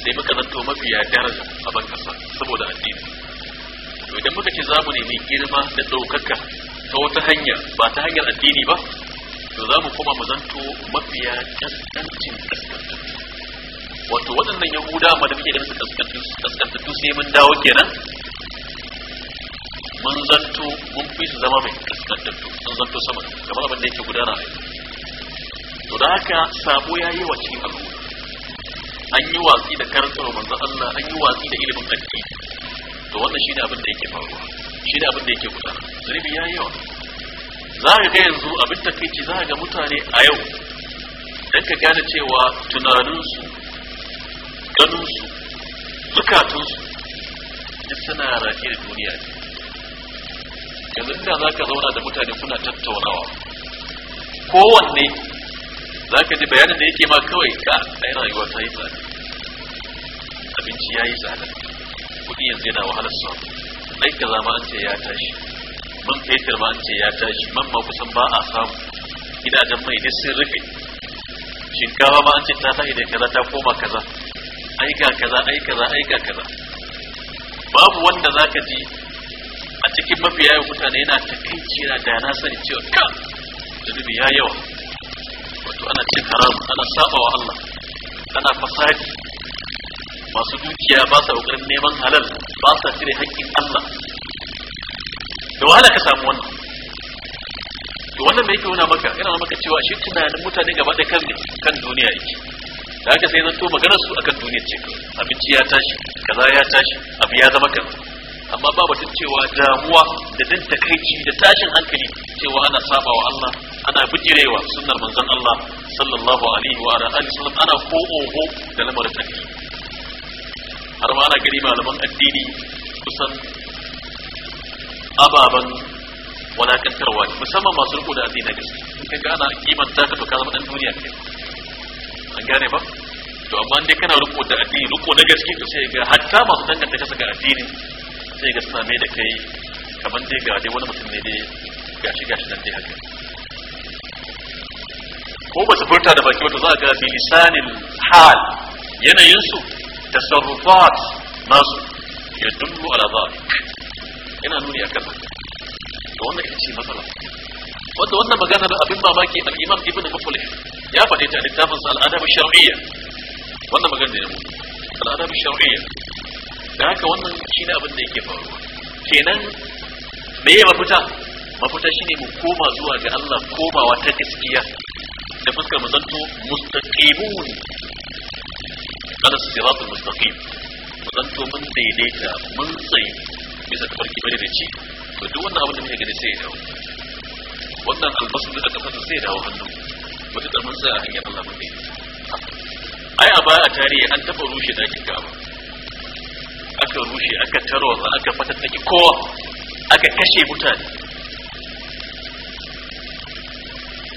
S1: sai maka zanto ya daraja a ban kasa saboda addini to idan muka ce zamu nemi girma da ɗaukaka ta wata hanya ba ta hanyar addini ba to za mu koma mu zanto mafiya ƙasƙancin ƙasƙantattu wato waɗannan yahuda ma da muke ganin su ƙasƙantattu sai mun dawo kenan mun zanto mun fi su zama mai to sun zanto sama kamar abin da yake gudana a to da haka sabo ya yi wa cikin al'umma an yi watsi da karantar manzan Allah an yi watsi da ilimin addini to wannan ne abin da yake faruwa ne abin da yake gudana zurbi ya yi yawa za ka ga yanzu abin da kai ci za ka ga mutane a yau dan ka gane cewa tunaninsu ganinsu zukatunsu duk suna rafi da duniya ne yanzu inda za ka zauna da mutane kuna tattaunawa kowanne za ka ji bayanin da yake ma kawai ka ɗaya rayuwa ta yi tsada abinci ya yi tsada kuɗi yanzu yana wahalar sa ɗai ka zama an ce ya tashi man fetur ma an ce ya tashi man ma kusan ba a samu gidajen mai duk sun rufe Shinkawa ma an ce ta tashi da kaza ta koma kaza aika kaza aika kaza aika kaza babu wanda za ka ji cikin mafi yawan mutane yana takaici yana da na sani cewa ka zunubi ya yawa wato ana cin haram ana saba wa Allah ana fasadi masu dukiya ba sa kokarin neman halal ba sa cire haƙƙin Allah da wahala ka samu wannan to wannan mai yake maka yana maka cewa shi tunanin mutane gaba da kan kan duniya yake da haka sai zan to maganar su akan duniya ce abinci ya tashi kaza ya tashi abu ya zama kaza amma babu batun cewa damuwa da jin takaici da tashin hankali cewa ana saba wa Allah ana bijirewa sunnar manzon Allah sallallahu alaihi wa alihi sallam ana ko oho da lamar addini har ma ana gani malaman addini kusan ababan wadatantarwa ne musamman masu riko da addini gaske in ka ana kimanta ka to ka zama dan duniya ke an gane ba to amma dai kana riko da addini riko na gaske to sai ga hatta masu danganta kasa ga addinin sai ga same da kai kaman dai ga dai wani mutum ne dai gashi gashi nan dai haka ko ba su furta da baki wato za a ga lisanin hal yanayinsu tasarrufat nasu ya dubu ala zalik yana nuni a kan to wannan ita ce matsala wanda wannan magana da abin mamaki al-imam ibn muflih ya faɗi ta littafin sa al-adab shar'iyya wannan magana ne al-adab shar'iyya da haka wannan shi ne abin da yake faruwa kenan me ya mafuta mafuta shi ne mu koma zuwa ga Allah komawa ta gaskiya da fuskar mu zanto mustaqimun ala siratul mustaqim mu zanto mun daidaita mun tsaye bisa ta farki bare da ci to duk wannan abin da muke gani sai ya dawo wannan albasu da aka fata sai ya dawo hannu wata mun tsaya a hanyar Allah mun daidaita ai a baya a tarihi an taɓa rushe dakin Ka'aba aka rushe aka tarwatsa aka fatattaki kowa aka kashe mutane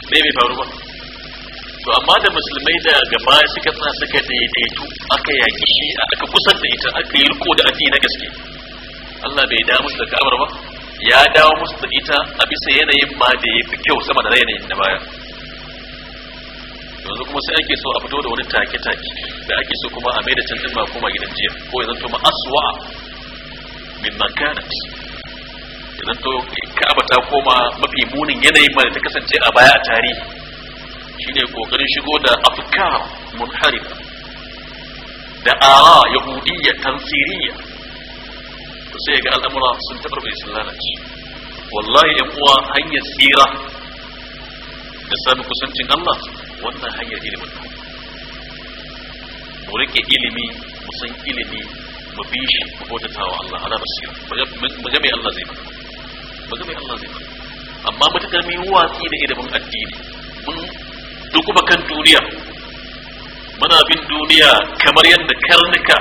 S1: ne mai faru ba to amma da musulmai da gaba suka tsaya suka daidaitu aka yaki shi aka kusan da ita aka yi riko da addini na gaske Allah bai dawo musu da ka'abar ba ya dawo musu da ita a bisa yanayin ma da ya fi kyau sama da yanayin na baya yanzu kuma sai ake so a fito da wani take-take da ake so kuma a mai da can ma koma gidan jiya ko ya to ma aswa min makanat ya to ka'aba ta koma mafi munin yanayin ma da ta kasance a baya a tarihi shine kokarin shigo da afkar munharifa da ara yahudiyya tansiriya to sai ga al'amura sun tabarbe sun lalace wallahi yan uwa hanyar tsira da sami kusancin Allah wannan hanyar ilimin mu rike ilimi mu san ilimi mu bi shi mu bautata wa Allah ala basira mu ga mai Allah zai mana mu ga mai Allah zai mana amma mutakar mu yi watsi da ilimin addini mun duk kan duniya muna bin duniya kamar yadda karnuka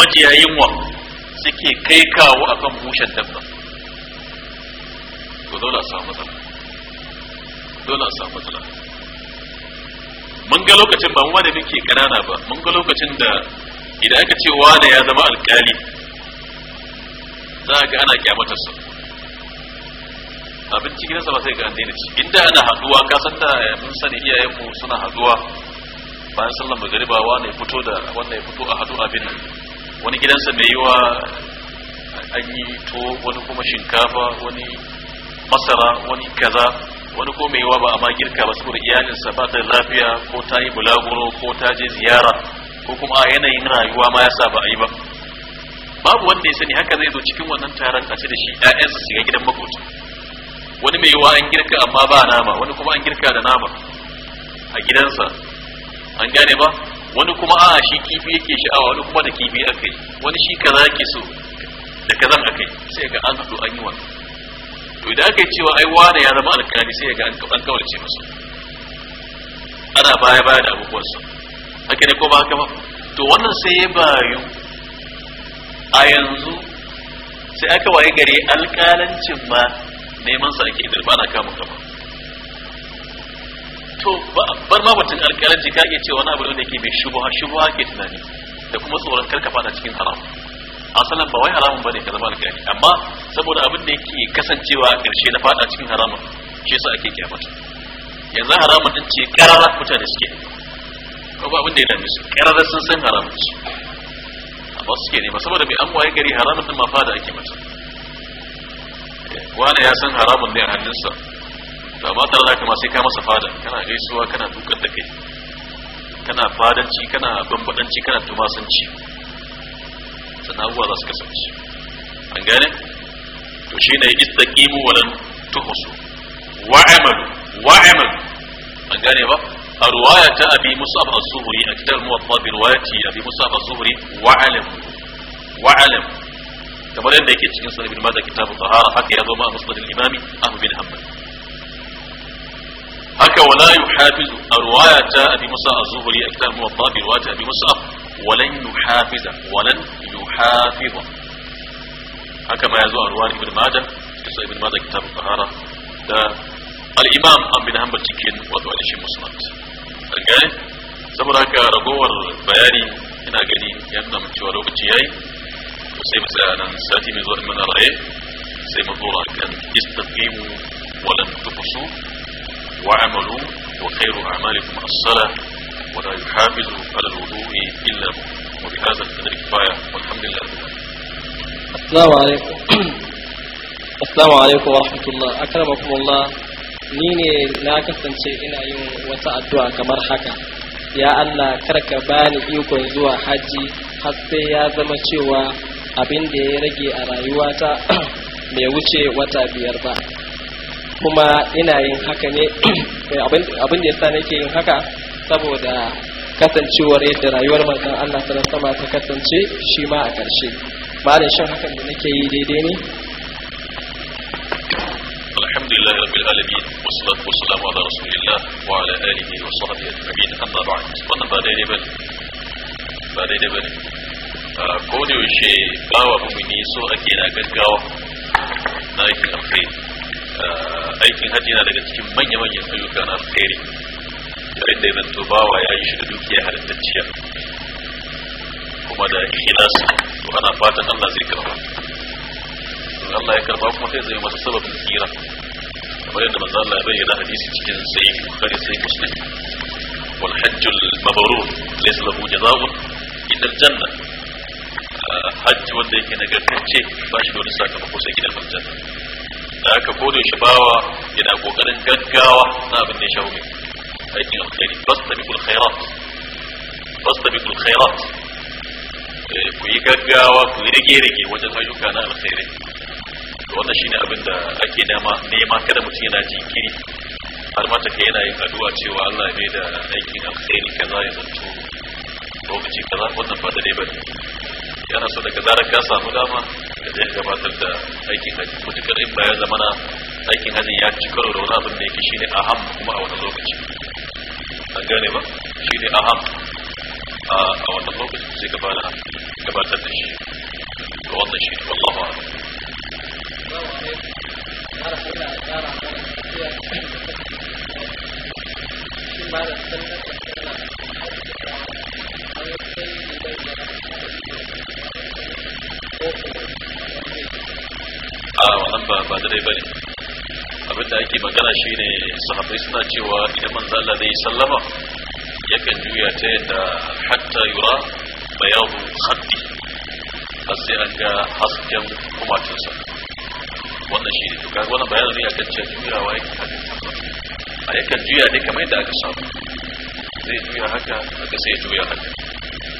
S1: majiyayin wa suke kai kawo a akan bushen dabba to dole a samu matsala dole a samu matsala mun ga lokacin ba mu da muke kanana ba mun ga lokacin da idan aka ce wane ya zama alƙali za a ga ana abin abinci gidansa ba sai ga an ci inda ana haduwa ka san da mun sani iyayenmu suna haduwa bayan sallan magariba wanda ya fito da wanda ya fito a hadu abin wani gidansa mai yiwa an yi to wani kuma shinkafa wani masara wani kaza wani ko mai yiwa ba a ma girka ba saboda iyalinsa ba ta lafiya ko ta yi bulaguro ko ta je ziyara ko kuma a yanayin rayuwa ma yasa ba a yi ba babu wanda ya sani haka zai zo cikin wannan taron a da shi ƴaƴansa shiga gidan makoci wani mai yiwa an girka amma ba nama wani kuma an girka da nama a gidansa an gane ba wani kuma a shi kifi yake sha'awa wani kuma da kifi aka yi wani shi kaza yake so da kazan aka yi sai ga an haɗu an yi wannan to idan aka yi cewa ai wane ya zama alkali sai ga an kawarce masu? ana baya baya da su haka ne ko ba haka ba to wannan sai ya bayu a yanzu sai aka waye gari alkalancin ma neman sa ake idan ba na kama kama to bar ma batun alkalanci ka iya cewa wani abu da ke mai shubuwa shubuwa ke tunani da kuma tsoron karkafa ta cikin haram asalan ba wai haramun bane ka zama alkali amma saboda abin da yake kasancewa a ƙarshe na fada cikin haramun shi yasa ake kyamata yanzu haramun din ce karara mutane suke ko ba abin da ya dame su karara sun san haramun su, amma suke ne ba saboda bai an waye gari haramun din ma fada ake mata eh, wani ya san haramun ne a hannunsa Da ba tare da kuma sai ka masa fada kana gaisuwa kana dukar da kai kana fadanci kana bambadanci kana tumasanci waɗannan abubuwa za su kasance an gane to shine istaqimu wa lan tuhsu wa amalu wa amalu an gane ba a ruwaya ta abi musab az-zuhri a kitab muwatta bi ruwayati abi musab az-zuhri wa alam wa alam kamar yadda yake cikin sunan ibn majah kitabu tahara haka ya zo ma musnad al-imam ahmad bin hanbal haka wala yuhafizu a ruwaya ta abi musa az-zuhri a kitab muwatta bi ruwayati abi musab ولن يحافظ ولن حافظة هكما يزوى أروان ابن ماجة قصة ابن ماجة كتاب الطهارة دا الإمام أم بن همبل تكين وضوء الإشي مصمت الجاي سمرا كربور بياني هنا قدي يمنا من شوى روب الجياي وسيب سأنا نساتي من زور من الرأي سيب الظورة كان استقيموا ولم تقصوا وعملوا وخير أعمالكم الصلاة ولا يحافظوا على الوضوء إلا وبهذا القدر كفايه alhamdulillah assalamu alaikum assalamu alaikum wa rahmatullah akramakumullah ni ne na kasance ina yin wata addu'a kamar haka ya Allah karka bani ikon zuwa haji har sai ya zama cewa abin da ya rage a rayuwata bai wuce wata biyar ba kuma ina yin haka ne abin da ya sa nake yin haka saboda kasancewar yadda rayuwar manzon Allah sallallahu alaihi wasallam ta kasance shi ma a ƙarshe malam shin hakan da nake yi daidai ne alhamdulillah rabbil alamin wassalatu wassalamu ala rasulillah wa ala alihi wa sahbihi ajma'in amma ba'd wannan ba daidai bane ba daidai bane ko da yaushe bawa mumini so ake na gaggawa na aikin alkhairi aikin hajji yana daga cikin manya-manyan ayyuka na alkhairi yayin da ya zanto bawa ya yi shi da dukiya halittacciya kuma da ikhlasi to ana fatan Allah zai karba in Allah ya karba kuma sai zai masa sababin tsira kamar yadda manzo Allah ya bayyana hadisi cikin sahih Bukhari sahih Muslim wal hajj al mabrur laysa lahu jazaa'un illa al janna hajji wanda yake nagartacce ba shi da wani sakamako sai gidan aljanna da aka kodo shi bawa yana kokarin gaggawa na abin da ya shawo mai فإني أخياني بسط بيكو الخيرات بسط بيكو الخيرات كويكا قاوة كويريكي ريكي وجد هاي جوكا نال خيري وانا شينا أبدا أكيدا ما نيما كده متينا جيكيري أرما تكينا يقدوا إيه أتيو الله بيدا أكينا الخير كذا يزلتو لوكتي كذا ودنا فادري بدي yana so daga zarar ka samu dama da zai gabatar da aikin haji mutukar in bayan zamana aikin hajji ya ci karo da wani abin da yake shi ne a hamma kuma a wani اګانه ما أهم دې آه، او د نوو چې کباله تدش تد والله أعلم. د شي الله اکبر abinda ake magana shine sahabbai suna cewa idan manzo Allah zai sallama yakan juya ta yadda hatta yura bayadu khatti har sai an ga hasken kumatinsa wannan shi ne to kaga wannan bayanin ne akan cewa juyawa yake hakan a yakan juya ne kamar yadda aka samu zai juya haka aka sai ya juya haka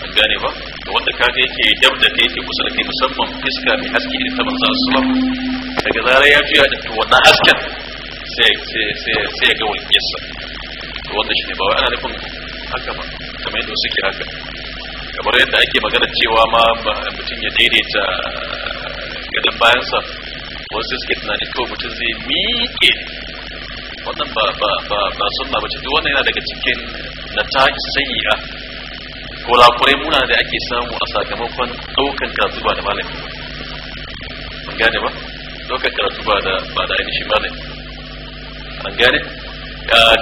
S1: an gane ba to wanda kaga yake dab da kai yake kusa da kai musamman fiska mai haske irin ta manzo sallallahu alaihi wasallam daga zarar ya juya da to wannan hasken sai ya ga walƙiyarsa wannan shi ne ba ana nufin haka ba kamar yadda suke haka kamar yadda ake magana cewa ma mutum ya daidaita eh, gadon bayansa wasu suke tunani ko mutum zai miƙe wannan ba ba ba ba sunna bace duk wannan yana daga cikin ta sayyi'a ko lakurai muna da ake samu a sakamakon ɗaukan karatu ba da malami mun gane ba ɗaukan karatu ba da ba da ainihin malami an gane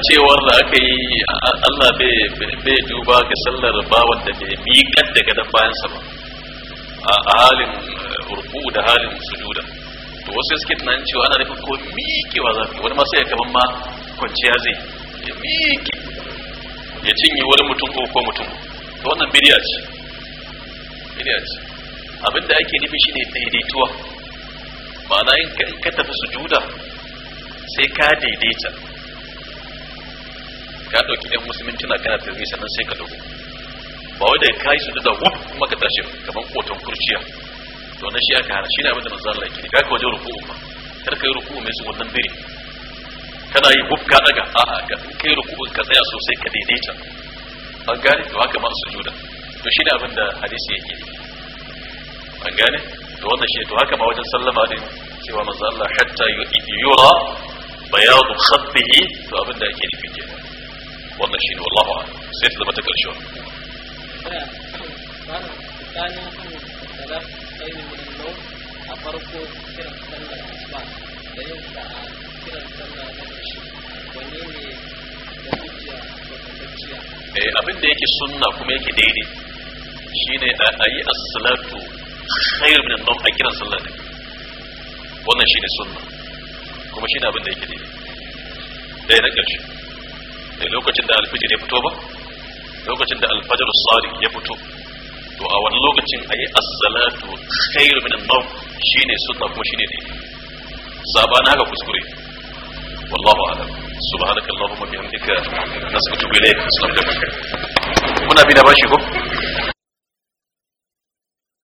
S1: cewar da aka yi Allah bai duba ga sallar bawan da bai miƙar da bayan bayansa ba a halin eh, ruku da halin sujuda to wasu suke tunanin cewa ana rufe ko wa zafi wani ma sai ya kaman ma kwanciya zai ya miƙe ya cinye wani mutum ko ko mutum to wannan bidiya ce bidiya ce abinda ake nufi shine daidaituwa ma'ana in ka tafi sujuda sai ka daidaita ka ɗauki ɗan musulmin mintuna kana tarbi sannan sai ka dago ba wadda ka yi su da wuf kuma ka tashi kamar kotan kurciya to na shi aka hana shi ne abin da manzo Allah yake ka kawo jiru ma kar ka yi ruku mai su wannan dire kana yi wuf ka daga a'a ka kai ruku ka tsaya sosai ka daidaita an gane to haka ma su juda to shi ne abin da hadisi yake an gane to wannan shi to haka ma wajen sallama din cewa manzo Allah hatta yura bayadu khabbihi to abin da ake nufi ke wannan shine wallahu a'lam sai ta zama ta karshe
S2: a farko kiran sallar asuba da yin sa a kiran sallar na kashi wanne ne da hujja da
S1: tabbaciya eh abin da yake sunna kuma yake daidai shine a yi as-salatu khairu min an-nawm a kiran sallar wannan shine sunna kuma shi ne abinda da yake ne ɗaya na ƙarshe da lokacin da alfijir ya fito ba lokacin da alfajar sari ya fito to a wani lokacin a yi assalatu khairu min annam shi ne sunna kuma shi ne ne sabana haka kuskure wallahu alam subhanaka allahumma bihamdika nastaghfiruka ilayk assalamu alaikum kuna bi na bashi ko